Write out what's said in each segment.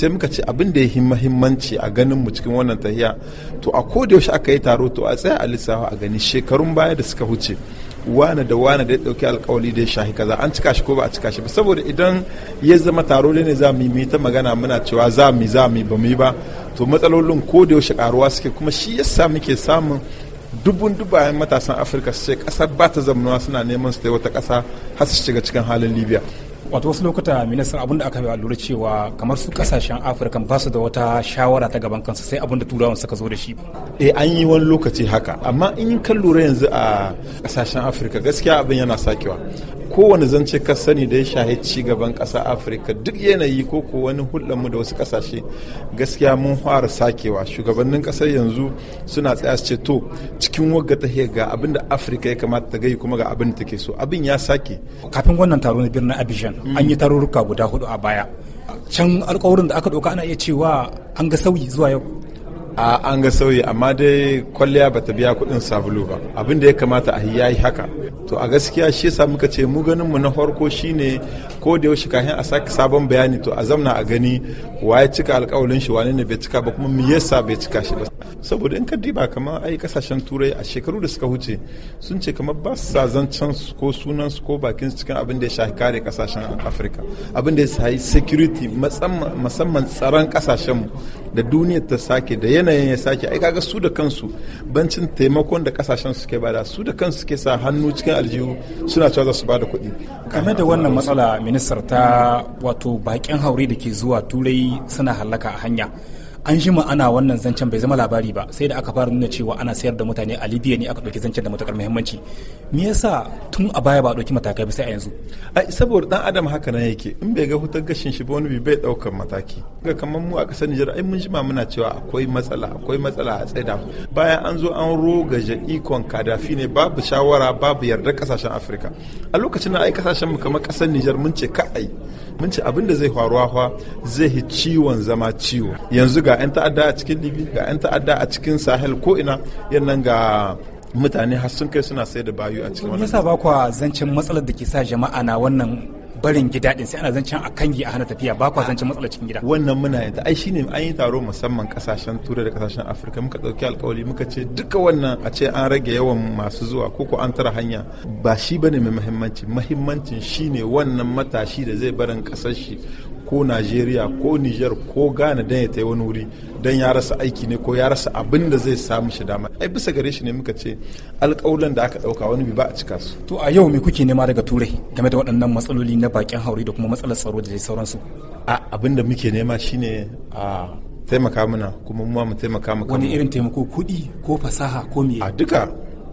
sai muka ce abin da ya yi mahimmanci a ganin mu cikin wannan tahiya to a ko da yaushe aka yi taro to a tsaya a lissafa a gani shekarun baya da suka huce wane da wane da ya dauki alkawali da ya shahi kaza an cika shi ko ba a cika shi ba saboda idan ya zama taro ne za mu yi ta magana muna cewa za mu za mu ba mu ba to matsalolin ko da yaushe karuwa suke kuma shi yasa muke samun dubun dubayen matasan afirka su ce kasar ba ta zamanuwa suna neman su ta wata kasa har su shiga cikin halin libya wato wasu lokuta ministan abin da aka lura cewa kamar su kasashen afirka ba su da wata shawara ta gaban kansu sai abin da turawan suka zo da shi eh an yi wani lokaci haka amma in kan lura yanzu a kasashen afirka gaskiya abin yana sakewa kowane zance ka sani da ya shahi ci gaban ƙasa afirka duk yanayi ko ko wani mu da wasu ƙasashe gaskiya mun fara sakewa shugabannin kasar yanzu suna tsaya su ce to cikin wagga ta ga abin da afirka ya kamata ta gai kuma ga abin da take so abin ya sake kafin wannan taro na birnin abidjan an yi tarurruka guda hudu a baya can alkawarin da aka ɗauka ana iya cewa an ga sauyi zuwa yau a an ga sauyi amma dai kwalliya ba ta biya kuɗin sabulu ba abin da ya kamata a yayi haka to a gaskiya shi yasa muka ce mu ganin mu na farko shine ko da yaushe kafin a saki sabon bayani to a zamna a gani waye cika alkawalin shi wane ne bai cika ba kuma me yasa bai cika shi ba saboda in ka diba kamar ai kasashen turai a shekaru da suka huce sun ce kamar ba sa zancen ko sunan su ko bakin cikin abin da ya shafi kare kasashen afirka abin da ya shafi security musamman tsaron kasashen mu da duniyar ta sake da yanayin ya sake ai kaga su da kansu bancin taimakon da kasashen suke bada su da kansu suke sa hannu cikin aljihu suna cewa za su bada kuɗi game da wannan matsala ministar ta wato bakin haure da ke zuwa turai suna hallaka a hanya an jima ana wannan zancen bai zama labari ba sai da aka fara nuna cewa ana sayar da mutane a libya ne aka ɗauki zancen da matuƙar muhimmanci me yasa tun a baya ba a ɗauki matakai ba sai a yanzu ai saboda dan adam haka nan yake in bai ga hutar gashin shi ba wani bai ɗaukar mataki ga kamar mu a ƙasar Nijar ai mun ma muna cewa akwai matsala akwai matsala a tsaida bayan an zo an roga ikon kadafi ne babu shawara babu yardar kasashen afirka a lokacin nan ai ƙasashen mu kamar ƙasar Nijar mun ce ka'ai mun ce abin da zai faruwa fa zai ciwon zama ciwo yanzu ga 'yan ta'adda a cikin libi ga 'yan ta'adda a cikin sahel ko ina yan nan ga mutane har sun kai suna sayar da bayu a cikin wannan yasa ba kwa zancen matsalar da ke sa jama'a na wannan barin gida din sai ana zancen a kangi a hana tafiya ba kwa zancen matsalar cikin gida wannan muna yin ta ai shine an yi taro musamman kasashen turai da kasashen afirka muka ɗauki alkawari muka ce duka wannan a ce an rage yawan masu zuwa ko ko an tara hanya ba shi bane mai muhimmanci muhimmancin shine wannan matashi da zai barin kasar shi ko najeriya ko niger ko ghana dan ya tai wani wuri dan ya rasa aiki ne ko ya rasa abin da zai samu shi dama ai bisa gare shi ne muka ce alƙawlan da aka ɗauka wani bi ba a cika su to a yau me kuke nema daga turai game da waɗannan matsaloli na bakin haure da kuma matsalar tsaro da dai sauransu a abin da muke nema shine a taimaka mana kuma mu ma mu taimaka maka wani irin taimako kuɗi ko fasaha ko me a duka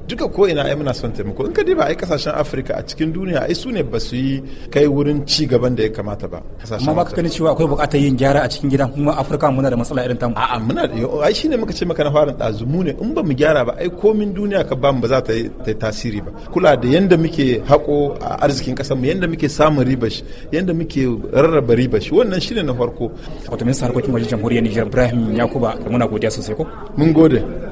duka ko ina ai muna son taimako in ka diba ai kasashen afirka a cikin duniya ai su ne ba su yi kai wurin ci gaban da ya kamata ba amma ka gani cewa akwai bukatar yin gyara a cikin gidan kuma afirka muna da matsala irin tamu a'a muna ai shine muka ce maka na farin dazu mu ne in ba mu gyara ba ai komin duniya ka ba mu ba za ta yi tasiri ba kula da yanda muke hako a arzikin kasar mu yanda muke samun shi yanda muke rarraba shi wannan shine na farko wato min harkokin wajen jamhuriyar Nijar Ibrahim Yakuba muna godiya sosai ko mun gode